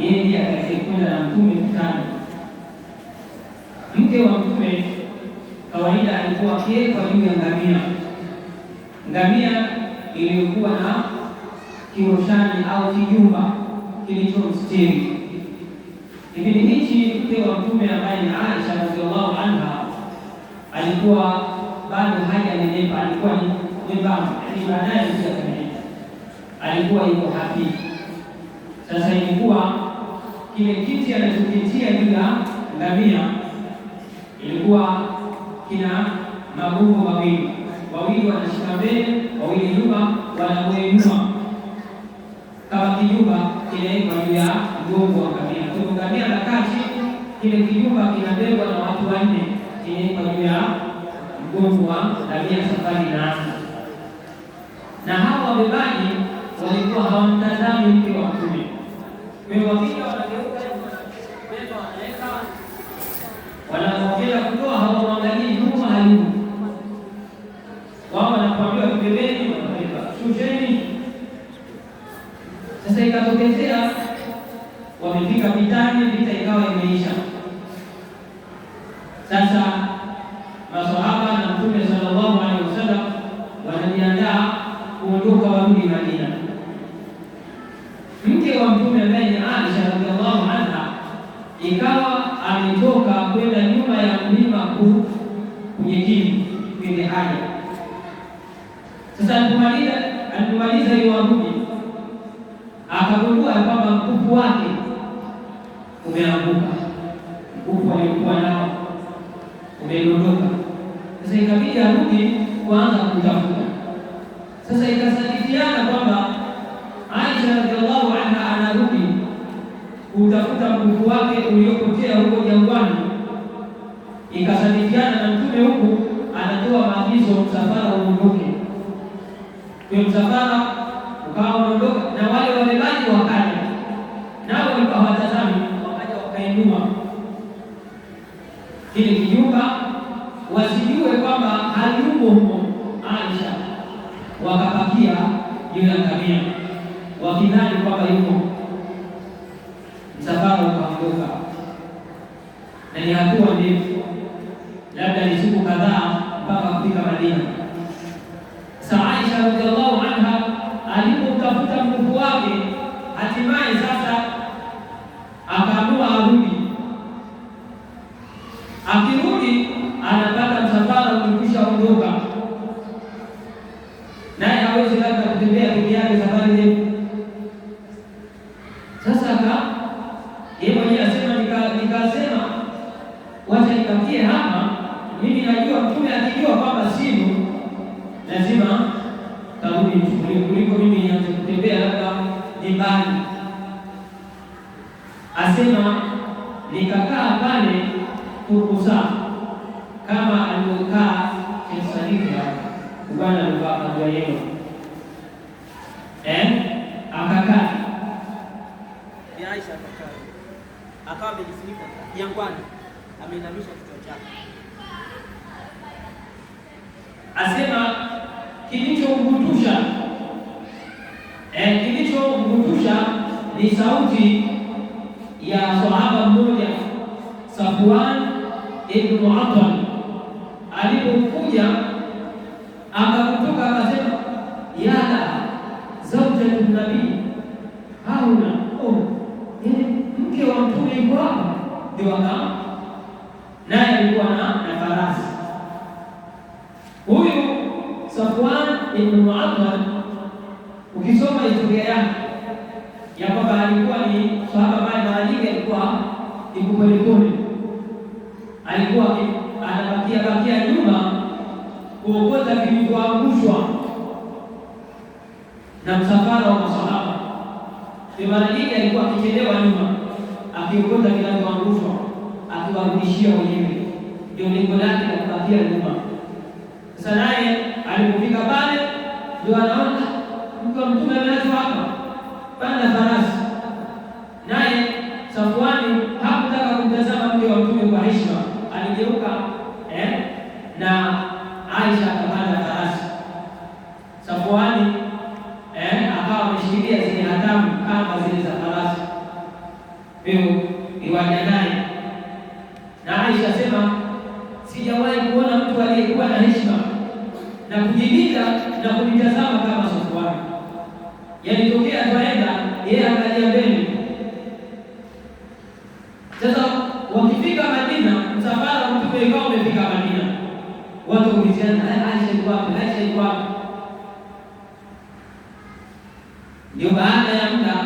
yeye ndiye atakayekwenda na mtume mkutano. Mke wa mtume kawaida alikuwa akiwekwa juu ya ngamia, ngamia iliyokuwa na kiroshani au kijumba kilicho mstiri. Kipindi hichi mke wa mtume ambaye ni Aisha radhiallahu anha alikuwa bado hajanenepa, alikuwa ni mwembamba, lakini baadaye alikuwa yuko hafifu. Sasa ilikuwa kile kiti alichokitia juu ya ngamia ilikuwa kina magumu mawili, wawili wanashika mbele, wawili nyuma, wanakuinua kama kijumba kinawekwa juu ya mgongo wa ngamia. Kwa ngamia la kati, kile kijumba kinabebwa na watu wanne, kinaikwa juu ya mgongo wa ngamia, safari inaanza. Na hawa wabebaji walikuwa hawamtazami mke wa mtume మేము అనేక kujikimu kwenye haya. Sasa alipomaliza alipomaliza hiyo Warumi, akagundua kwamba mkufu wake umeanguka, mkufu aliokuwa nao umedondoka. Sasa ikabidi arudi kuanza kutafuta. Sasa ikasadifiana kwamba Aisha radhiallahu anha anarudi kutafuta mkufu wake uliopotea huko jangwani, ikasadifiana msafara uondoke, ndio msafara ukawa unaondoka, na wale wabebaji wakati nao walikuwa hawatazami, wakaja wakainua kile kijumba, wasijue kwamba hayupo huko Aisha, wakapakia juu ya ngamia wakidhani kwamba yuko radhiallahu anha alipotafuta nguvu wake, hatimaye sasa nyumbani, asema ni sauti ya sahaba mmoja Safwan ibn Muattal kikupweli alikuwa anabakia bakia nyuma kuokota vilivyoangushwa na msafara wa masahaba. Mara nyingi alikuwa akichelewa nyuma, akiokota vinavyoangushwa akiwarudishia wenyewe, ndio lengo lake la kubakia nyuma. Sasa naye alipofika pale ndio anaona watu kuulizana Aisha yuko wapi? Aisha yuko wapi? Ndio baada ya muda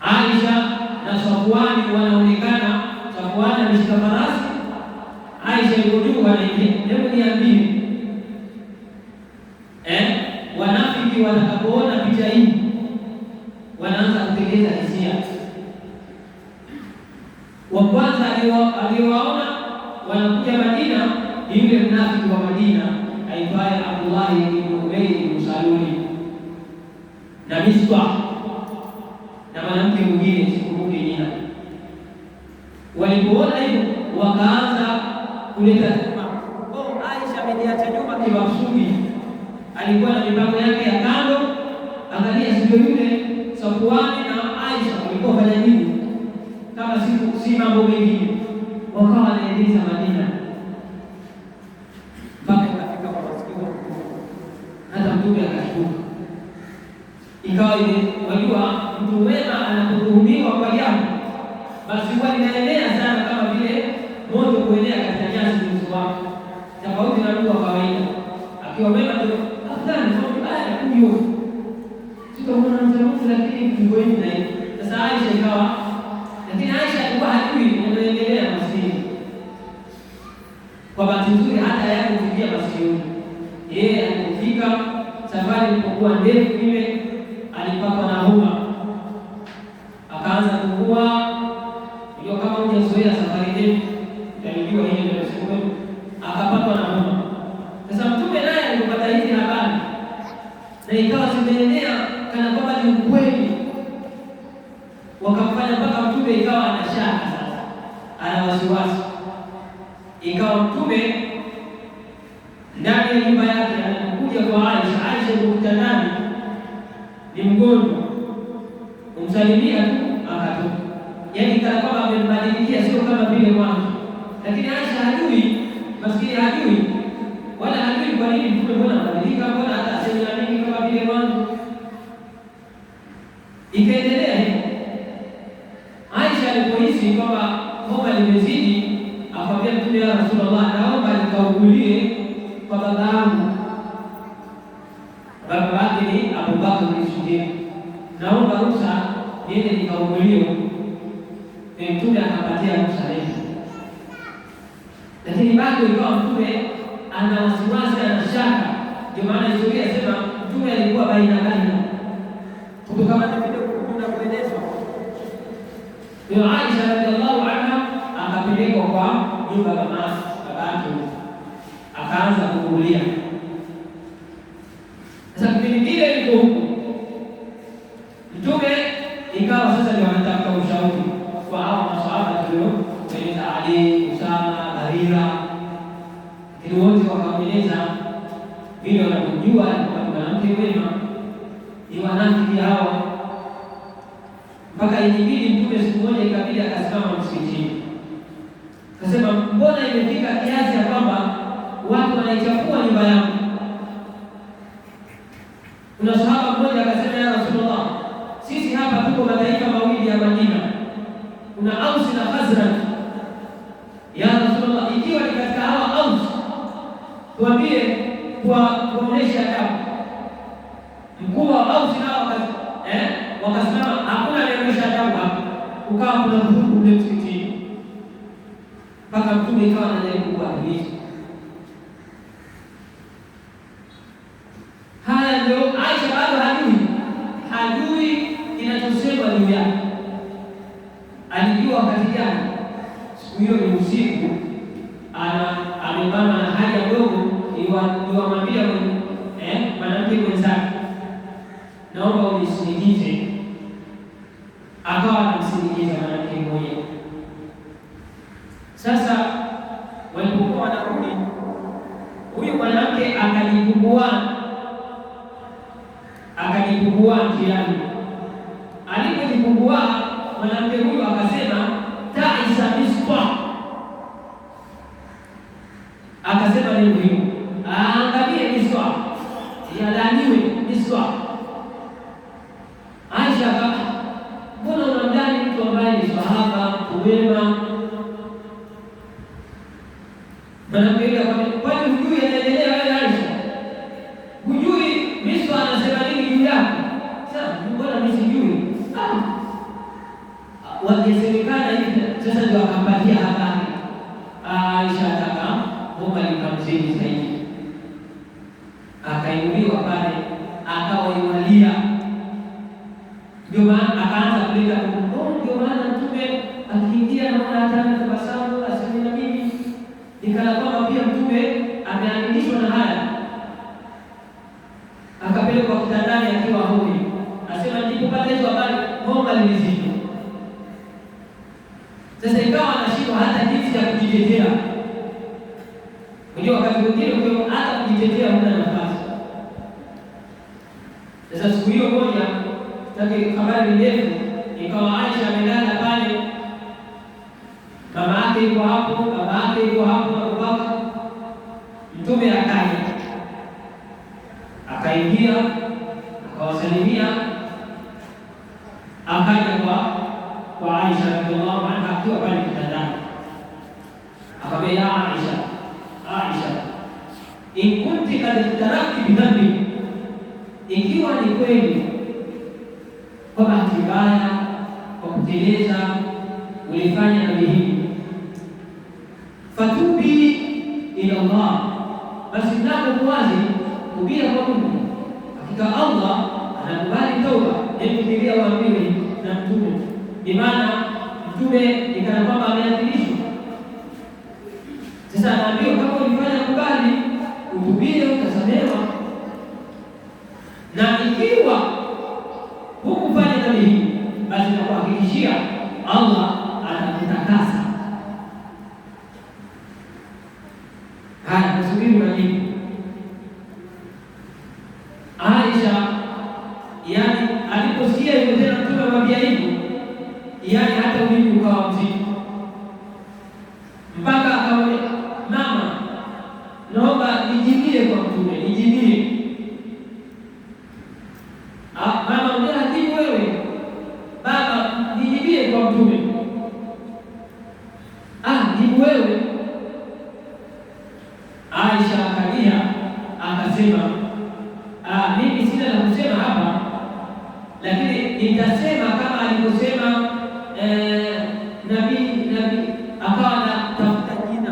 Aisha na Safwani wanaonekana, Safwani ameshika farasi, Aisha yuko juu, anaingia hebu niambie yule mnafiki wa Madina aitwaye Abdullahi ibn Ubay ibn Salul na Miswa na mwanamke mwingine sikumbuki jina, walipoona hivyo wakaanza kuleta ikawa wajua, mtu mwema anapodhulumiwa kwa jambo, basi huwa linaenea sana, kama vile moto kuenea katika nyasi uso wako, tofauti na mtu wa kawaida akiwa mwema tu afadhali mbaya huyo tukamwona mtu, lakini mtu wengi na hivi sasa. Aisha ikawa, lakini Aisha alikuwa hajui anaendelea maskini. Kwa bahati nzuri, hata yeye kufikia maskini, yeye alipofika safari ilipokuwa ndefu ile mgonjwa umsalimia tu akatoka, yaani kana kwamba amembadilikia, sio kama vile mwanzo. Lakini Aisha hajui, maskini hajui, wala hajui kwa nini mtume, mbona anabadilika, mbona hata asema nini kama vile mwanzo. Ikaendelea hivyo, Aisha alipohisi kwamba homa limezidi, akamwambia Mtume, ya Rasulullah, naomba nikaugulie lakini nikahukumiwa, eh, mtume akapatia ruhusa lakini bado ikawa mtume ana wasiwasi, ana shaka. Ndio maana historia inasema mtume alikuwa baina baina, kutokana na vile kukunda kuelezwa. Ndio Aisha radhiallahu anha akapelekwa kwa nyumba ya mama babake, akaanza kuulia kubaki katika hawa Aus, tuambie kuonesha adabu. Mkuu wa Aus nao eh, wakasimama, hakuna anaonyesha adabu hapa, ukawa kuna vurugu ule msikitini mpaka mtume ikawa anajaribu kuwaambia alibana na hali ya dogo iwamwambia eh, mwanamke mwenzake, naomba Cada ah, tá, olho moja, sitaki habari ndefu, ikawa Aisha amelala pale, mama yake yuko hapo, baba yake yuko hapo, Abubakar. Mtume akaja akaingia, akawasalimia, akaja kwa kwa Aisha radhiallahu anha akiwa pale kitandani, akamwambia Aisha, Aisha, in kunti kad tarakti bidhambi, ikiwa ni kweli kwa bahati mbaya, kwa kuteleza, ulifanya dhambi hii. Fatubi ila Allah, basi mlango kuwazi kubia kwa Mungu. Hakika Allah anakubali toba. Hebu fikiria waamini na mtume, ni maana mtume ikana kwamba ameadhirishwa. Sasa anaambiwa kama ulifanya kubali, utubie, utasamehewa kusema ah, mimi sina la kusema hapa, lakini nitasema kama alivyosema eh, nabii nabii, akawa anatafuta jina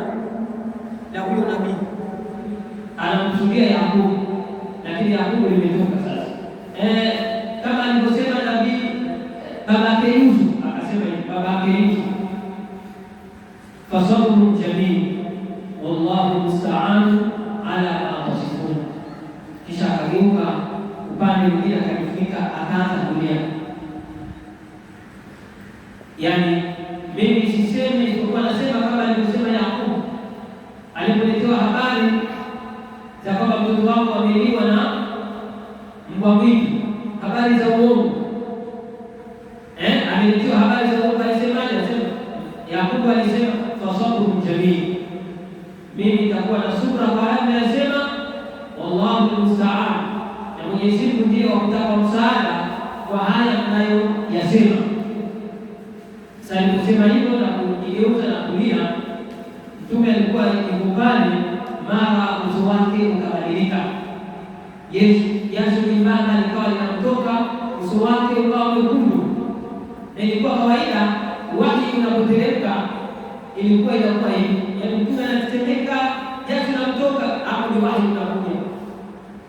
la huyo nabii, anamsudia Yakubu, lakini Yakubu limetoka sasa. Eh, kama alivyosema nabii babake Yusuf, akasema babake Yusuf, fasabru jamil wallahu musta'an yani mimi sisemi isipokuwa nasema kama alivyosema Yakubu alipoletewa habari za kwamba mtoto wangu ameliwa na mbwa mwitu, habari za uongo eh, ameletewa habari za uongo. alisema Anasema Yakubu alisema fasabrun jamii, mimi nitakuwa na subra kwa hali anasema, wallahu musta'an, na Mwenyezi Mungu ndiye wa kutaka msaada kwa haya mnayo yasema. nyumbani, mara uso wake ukabadilika. Yesu Jasho jembamba likawa linamtoka, uso wake ukawa mwekundu. Na ilikuwa kawaida wake unapoteremka, ilikuwa inakuwa hivi, yaani mtu anatetemeka, jasho linamtoka, hapo ndio wahi unakuja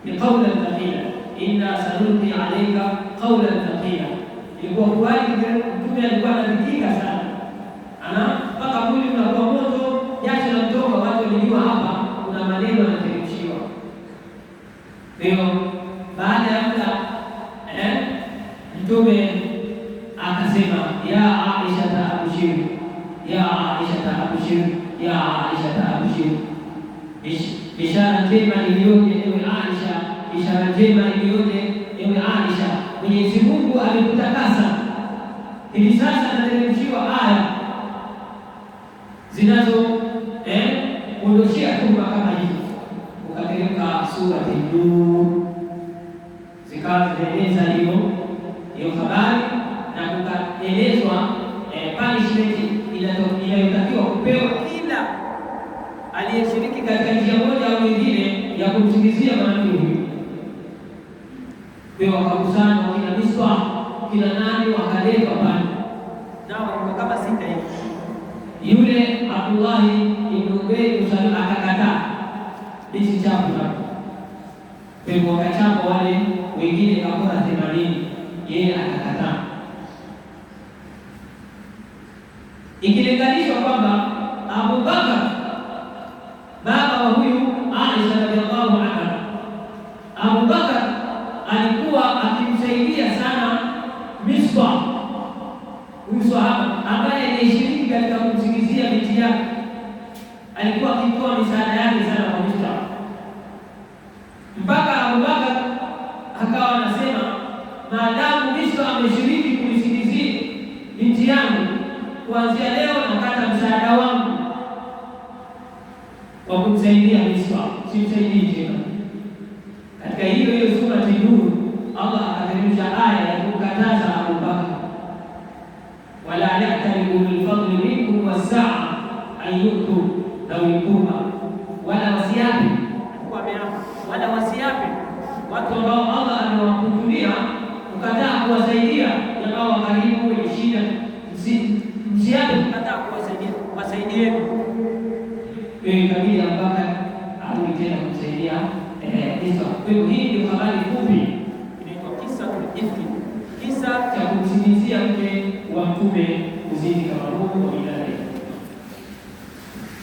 ni qaula thaqila, inna sanulqi alayka qaula thaqila. Ilikuwa kuwali mtume alikuwa anatikika sana, ana mpaka mwili unakuwa moto kutoka watu walijua hapa kuna maneno yanateremshiwa. Ndio baada ya muda eh, Mtume akasema ya Aisha taabshiri, ya Aisha taabshiri, ya Aisha taabshiri, ishara njema iliyoje ewe Aisha, ishara njema iliyoje ewe Aisha, Mwenyezi Mungu alikutakasa. Hivi sasa anateremshiwa aya zinazo Imani wakaletwa pale na kama sita hivi, yule Abdullahi ibn Ubay akakataa hichi chama pepo, wakachamba wale wengine kapora themanini, yeye akakataa ikilinganishwa kwamba ambaye alishiriki katika kumsingizia miti yake, alikuwa akitoa misaada yake sana kwa Mustafa mpaka Abubakar akawa anasema maadamu Mustafa ameshiriki kunisingizia miti yangu, kuanzia leo nakata msaada wangu wa kumsaidia Mustafa, simsaidii ayutu dawikuha, wala wasiapi wala wasiapi watu ambao Allah amewakutulia kukataa kuwasaidia ambao wa karibu wenye shida, msiapi kukataa kuwasaidia, wasaidieni. Hiyo mpaka arudi tena kusaidia kisa eh, Kwa hiyo hii ni habari fupi inaitwa kisa tulifiki, kisa cha kumtimizia mke wa mtume kuzidi kama Mungu wa milele